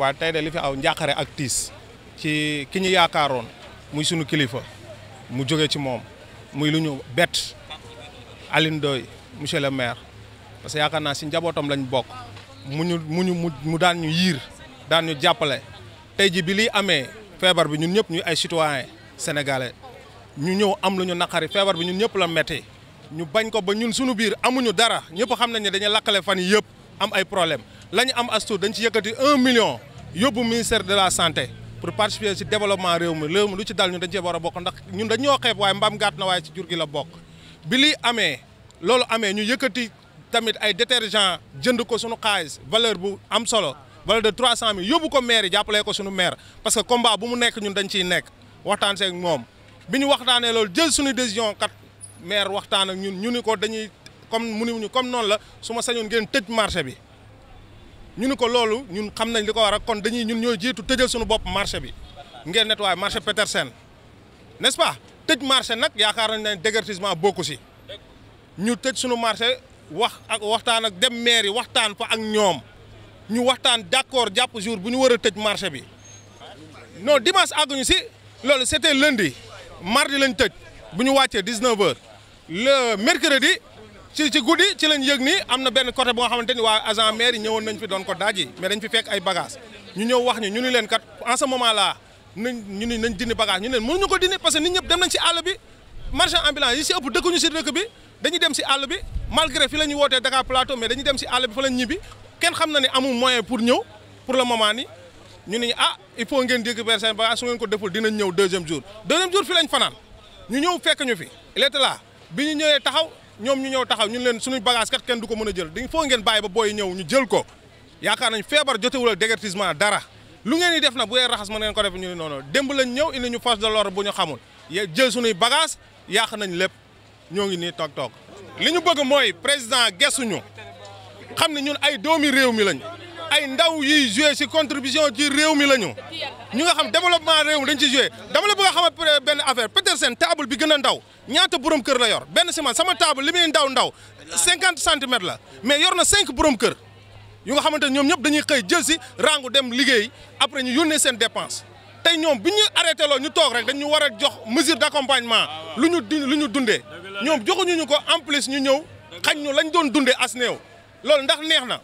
waaye tey de li fi aw njàqare ak tiis ci ki ñu yaakaaroon muy sunu kilifa mu jóge ci moom muy lu ñu bett Alioune Ndoye monsieur le maire parce que yaakaar naa si njabootam lañ bokk mu ñu mu mu daan ñu yiir daan ñu jàppale tey ji bi liy amee feebar bi ñun ñëpp ñu ay citoyen sénégalais ñu ñëw am lu ñu naqari feebar bi ñun ñëpp la metti ñu bañ ko ba ñun sunu biir amuñu dara ñëpp xam nañ ne dañuy lakkale fan yii yëpp am ay problème la am as dañ ci yëkkati un million yóbbu ministère de la santé pour participer ci développement réew mi réew mi lu ci dal ñun dañ cee war a bokk ndax ñun dañ ñoo xeeb waaye mbaam gàtt na waaye ci jur gi la bokk bi lii amee loolu amee ñu yëkkati tamit ay détergent jënd ko sunu xaalis valeur bu am solo valeur de trois cent mi yóbbu ko maire yi jàppalee ko suñu maire parce que combat bu mu nekk ñun dañ ciy nekk waxtaan seek moom bi ñu waxtaanee loolu jël suñu décision kat maire waxtaan ak ñun ñu ni ko dañuy comme mu ni ñu comme noonu la su ma sañoon ngeen tëj marché bi ñu ni ko loolu ñun xam nañ li ko war a kon dañuy ñun ñooy jiitu tëjal suñu bopp marché bi ngeen nettoyé marché Petersen n'est-ce pas tëj marché nag yaakaar nañ ne déguerpissement bokku si ñu tëj suñu marché wax ak waxtaan ak dem maire yi waxtaan fa ak ñoom ñu waxtaan d'accord jàpp jour bu ñu war a tëj marché bi no dimanche àgguñu si loolu c'était lundi mardi lañ tëj bu ñu wàccee 19 heures le mercredi ci ci guddi ci lañ yëg ni am na benn côté boo xamante ni waa agent maire yi ñëwoon nañ fi doon ko daaj yi mais dañ fi fekk ay bagages ñu ñëw wax ñu ñu ni leen kat en ce moment là nañ ñu ni nañ dindi bagage ñu ne leen mënuñu ko dindi parce que ni ñëpp dem nañ si àll bi marchand ambulant yi si ëpp bi dañuy dem fi la ñuy wootee Dakar Plateau mais dañuy dem si àll bi fa lañ ñibbi kenn xam na ne amul moyen pour ñëw pour le moment ni ñu ne ah il faut ngeen récupérer seen bagage su ngeen ko deful dinañ ñëw deuxième jour deuxième jour fi lañ fanaan ñu ñëw fekk ñu fi il était là bi ñu taxaw ñoom ñu ñëw taxaw ñun leen suñu bagage kat kenn du ko mën a jël dañ foo ngeen bàyyi ba booy ñëw ñu jël ko yaakaar nañ feebar jotewul ak déguerpissement dara lu ngeen di def nag bu dee raxas ma ngeen ko def ñu ne noonu démb lañ ñëw indi ñu force de l'ordre bu ñu xamul jël suñuy bagage yàq nañ lépp ñoo ngi nii toog toog li ñu bëgg mooy président gesuñu xam ne ñun ay doomi réew mi lañ ay ndaw yiy joué si contribution ci réew mi lañu ñu nga xam développement réew mi dañ ci joué nga xam ne benn affaire Petersen table bi gën a ndaw ñaata borom kër la yor benn si sama table li muy ndaw ndaw cinquante centimètres la mais yor na cinq borom kër yu nga xamante ne ñoom ñëpp dañuy xëy jël si rangu dem liggéey après ñu yónnee seen dépense tey ñoom bi ñu arrêté loo ñu toog rek dañu war a jox mesure d'accompagnement lu ñu di lu ñu dundee ñoom joxuñu ñu ko en plus ñu ñëw xañ ñu lañ doon dundee as loolu ndax neex na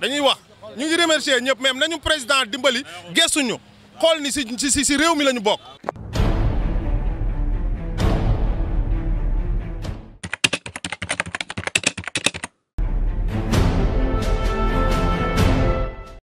dañuy wax ñu ngi remercier ñëpp même nañu président dimbali gestuñu xool ni si si si réew mi la ñu bokk.